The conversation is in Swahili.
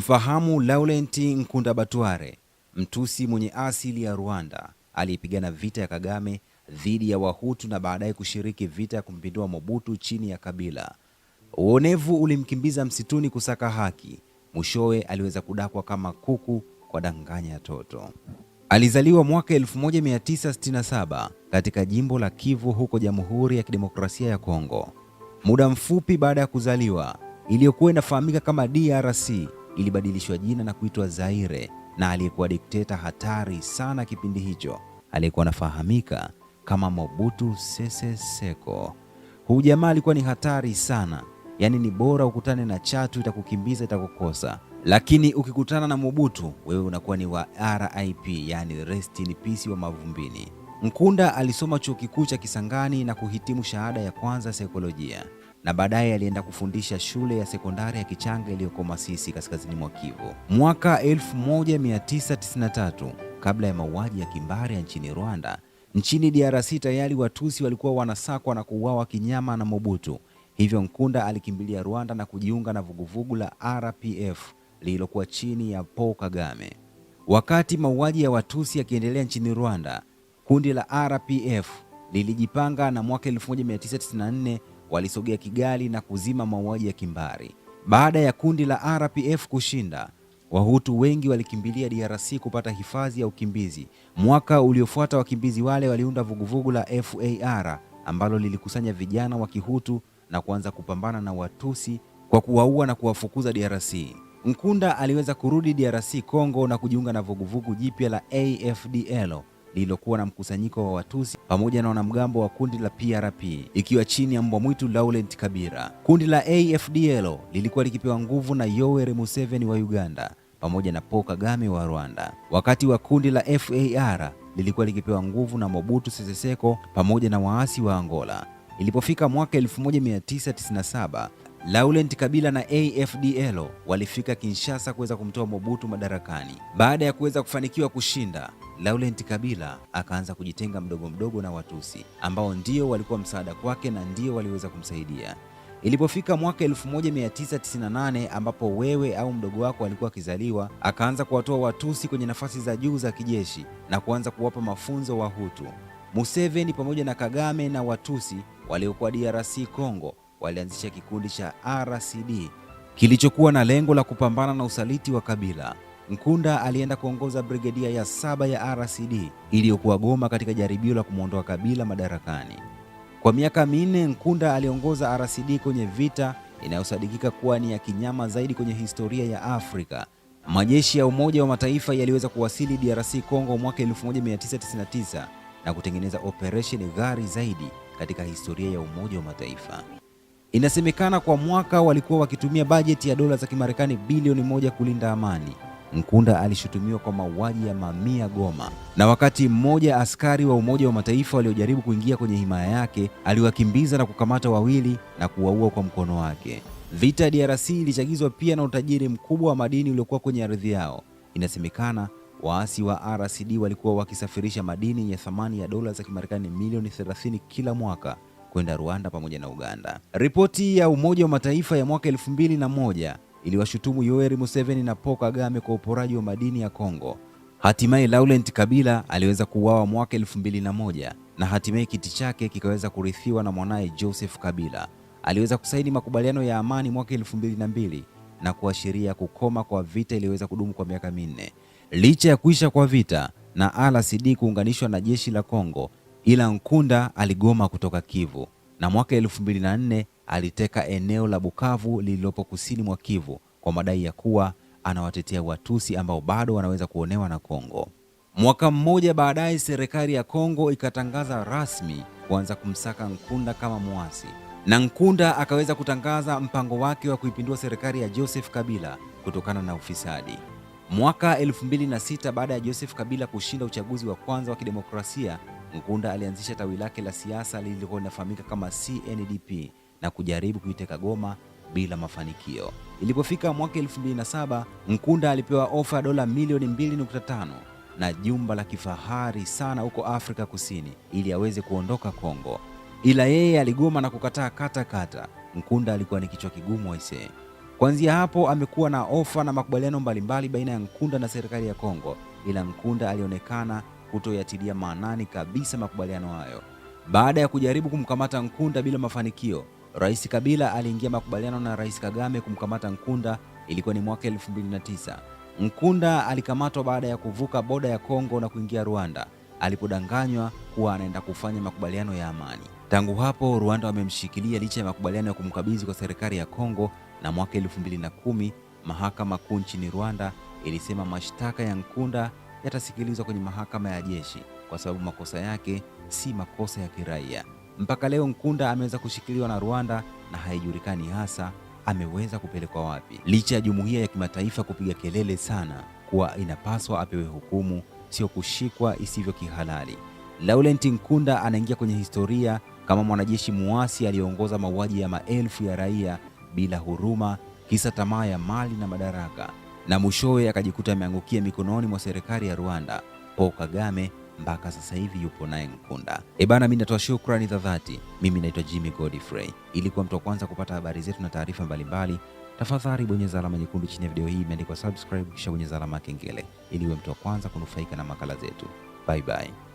Mfahamu Laurent Nkundabatware, mtusi mwenye asili ya Rwanda aliyepigana vita ya Kagame dhidi ya Wahutu na baadaye kushiriki vita ya kumpindua Mobutu chini ya Kabila. Uonevu ulimkimbiza msituni kusaka haki. Mwishowe aliweza kudakwa kama kuku kwa danganya toto. Alizaliwa mwaka 1967 katika jimbo la Kivu huko Jamhuri ya Kidemokrasia ya Kongo. Muda mfupi baada ya kuzaliwa, iliyokuwa inafahamika kama DRC ilibadilishwa jina na kuitwa Zaire, na aliyekuwa dikteta hatari sana kipindi hicho aliyekuwa anafahamika kama Mobutu Sese Seko. Huyu jamaa alikuwa ni hatari sana, yaani ni bora ukutane na chatu itakukimbiza itakukosa, lakini ukikutana na Mobutu wewe unakuwa ni wa RIP, yaani rest in peace wa mavumbini. Mkunda alisoma chuo kikuu cha Kisangani na kuhitimu shahada ya kwanza saikolojia na baadaye alienda kufundisha shule ya sekondari ya Kichanga iliyoko Masisi kaskazini mwa Kivu. Mwaka 1993 kabla ya mauaji ya kimbari ya nchini Rwanda, nchini DRC tayari Watusi walikuwa wanasakwa na kuuawa kinyama na Mobutu. Hivyo Nkunda alikimbilia Rwanda na kujiunga na vuguvugu la RPF lililokuwa chini ya Paul Kagame. Wakati mauaji ya Watusi yakiendelea nchini Rwanda, kundi la RPF lilijipanga na mwaka 1994 walisogea Kigali na kuzima mauaji ya kimbari. Baada ya kundi la RPF kushinda, Wahutu wengi walikimbilia DRC kupata hifadhi ya ukimbizi. Mwaka uliofuata, wakimbizi wale waliunda vuguvugu la FAR ambalo lilikusanya vijana wa Kihutu na kuanza kupambana na Watusi kwa kuwaua na kuwafukuza DRC. Nkunda aliweza kurudi DRC Kongo na kujiunga na vuguvugu jipya la AFDL lililokuwa na mkusanyiko wa Watusi pamoja na wanamgambo wa kundi la PRP ikiwa chini ya mbwa mwitu Laurent Kabila. Kundi la AFDL lilikuwa likipewa nguvu na Yoweri Museveni wa Uganda pamoja na Paul Kagame wa Rwanda, wakati wa kundi la FAR lilikuwa likipewa nguvu na Mobutu Sese Seko pamoja na waasi wa Angola. Ilipofika mwaka 1997 Laurent Kabila na AFDL walifika Kinshasa kuweza kumtoa Mobutu madarakani. Baada ya kuweza kufanikiwa kushinda, Laurent Kabila akaanza kujitenga mdogo mdogo na Watusi ambao ndio walikuwa msaada kwake na ndio waliweza kumsaidia. Ilipofika mwaka 1998 ambapo wewe au mdogo wako alikuwa akizaliwa, akaanza kuwatoa Watusi kwenye nafasi za juu za kijeshi na kuanza kuwapa mafunzo Wahutu. Museveni pamoja na Kagame na Watusi waliokuwa DRC Congo walianzisha kikundi cha RCD kilichokuwa na lengo la kupambana na usaliti wa Kabila. Nkunda alienda kuongoza brigedia ya saba ya RCD iliyokuwa Goma katika jaribio la kumwondoa Kabila madarakani. Kwa miaka minne, Nkunda aliongoza RCD kwenye vita inayosadikika kuwa ni ya kinyama zaidi kwenye historia ya Afrika. Majeshi ya Umoja wa Mataifa yaliweza kuwasili DRC Kongo mwaka 1999 na kutengeneza operesheni ghali zaidi katika historia ya Umoja wa Mataifa. Inasemekana kwa mwaka walikuwa wakitumia bajeti ya dola za Kimarekani bilioni moja kulinda amani. Mkunda alishutumiwa kwa mauaji ya mamia Goma, na wakati mmoja askari wa Umoja wa Mataifa waliojaribu kuingia kwenye himaya yake aliwakimbiza na kukamata wawili na kuwaua kwa mkono wake. Vita ya DRC ilichagizwa pia na utajiri mkubwa wa madini uliokuwa kwenye ardhi yao. Inasemekana waasi wa RCD walikuwa wakisafirisha madini yenye thamani ya dola za Kimarekani milioni 30 kila mwaka kwenda Rwanda pamoja na Uganda. Ripoti ya Umoja wa Mataifa ya mwaka 2001 iliwashutumu Yoweri Museveni na Paul Kagame kwa uporaji wa madini ya Kongo. Hatimaye Laurent Kabila aliweza kuuawa mwaka 2001 na hatimaye kiti chake kikaweza kurithiwa na mwanaye Joseph Kabila. Aliweza kusaini makubaliano ya amani mwaka mbili na kuashiria kukoma kwa vita iliyoweza kudumu kwa miaka minne. Licha ya kuisha kwa vita na RCD kuunganishwa na jeshi la Kongo, ila Nkunda aligoma kutoka Kivu na mwaka 2004 aliteka eneo la Bukavu lililopo kusini mwa Kivu kwa madai ya kuwa anawatetea Watusi ambao bado wanaweza kuonewa na Kongo. Mwaka mmoja baadaye, serikali ya Kongo ikatangaza rasmi kuanza kumsaka Nkunda kama mwasi na Nkunda akaweza kutangaza mpango wake wa kuipindua serikali ya Joseph Kabila kutokana na ufisadi. Mwaka 2006 baada ya Joseph Kabila kushinda uchaguzi wa kwanza wa kidemokrasia, Nkunda alianzisha tawi lake la siasa lililokuwa linafahamika kama CNDP na kujaribu kuiteka Goma bila mafanikio. Ilipofika mwaka 2007, Nkunda alipewa ofa ya dola milioni 2.5 na jumba la kifahari sana huko Afrika Kusini ili aweze kuondoka Kongo, ila yeye aligoma na kukataa kata kata. Nkunda alikuwa ni kichwa kigumu aisee. Kuanzia hapo amekuwa na ofa na makubaliano mbalimbali baina ya Nkunda na serikali ya Kongo, ila Nkunda alionekana kutoyatilia maanani kabisa makubaliano hayo. Baada ya kujaribu kumkamata Nkunda bila mafanikio, Rais Kabila aliingia makubaliano na Rais Kagame kumkamata Nkunda, ilikuwa ni mwaka 2009. Nkunda alikamatwa baada ya kuvuka boda ya Kongo na kuingia Rwanda alipodanganywa kuwa anaenda kufanya makubaliano ya amani. Tangu hapo Rwanda wamemshikilia licha ya makubaliano ya kumkabidhi kwa serikali ya Kongo, na mwaka 2010 mahakama kuu nchini Rwanda ilisema mashtaka ya Nkunda yatasikilizwa kwenye mahakama ya jeshi kwa sababu makosa yake si makosa ya kiraia. Mpaka leo Nkunda ameweza kushikiliwa na Rwanda na haijulikani hasa ameweza kupelekwa wapi, licha ya jumuiya ya kimataifa kupiga kelele sana kuwa inapaswa apewe hukumu, sio kushikwa isivyo kihalali. Laurent Nkunda anaingia kwenye historia kama mwanajeshi muasi aliyeongoza mauaji ya maelfu ya raia bila huruma, kisa tamaa ya mali na madaraka, na mwishowe akajikuta ameangukia mikononi mwa serikali ya Rwanda. Paul Kagame mpaka sasa hivi yupo naye Nkunda. E bana, mimi natoa shukrani za dhati. Mimi naitwa Jimmy Godfrey. Ili kuwa mtu wa kwanza kupata habari zetu na taarifa mbalimbali, tafadhali bonyeza alama nyekundu chini ya video hii imeandikwa subscribe, kisha bonyeza alama ya kengele ili uwe mtu wa kwanza kunufaika na makala zetu. Bye bye.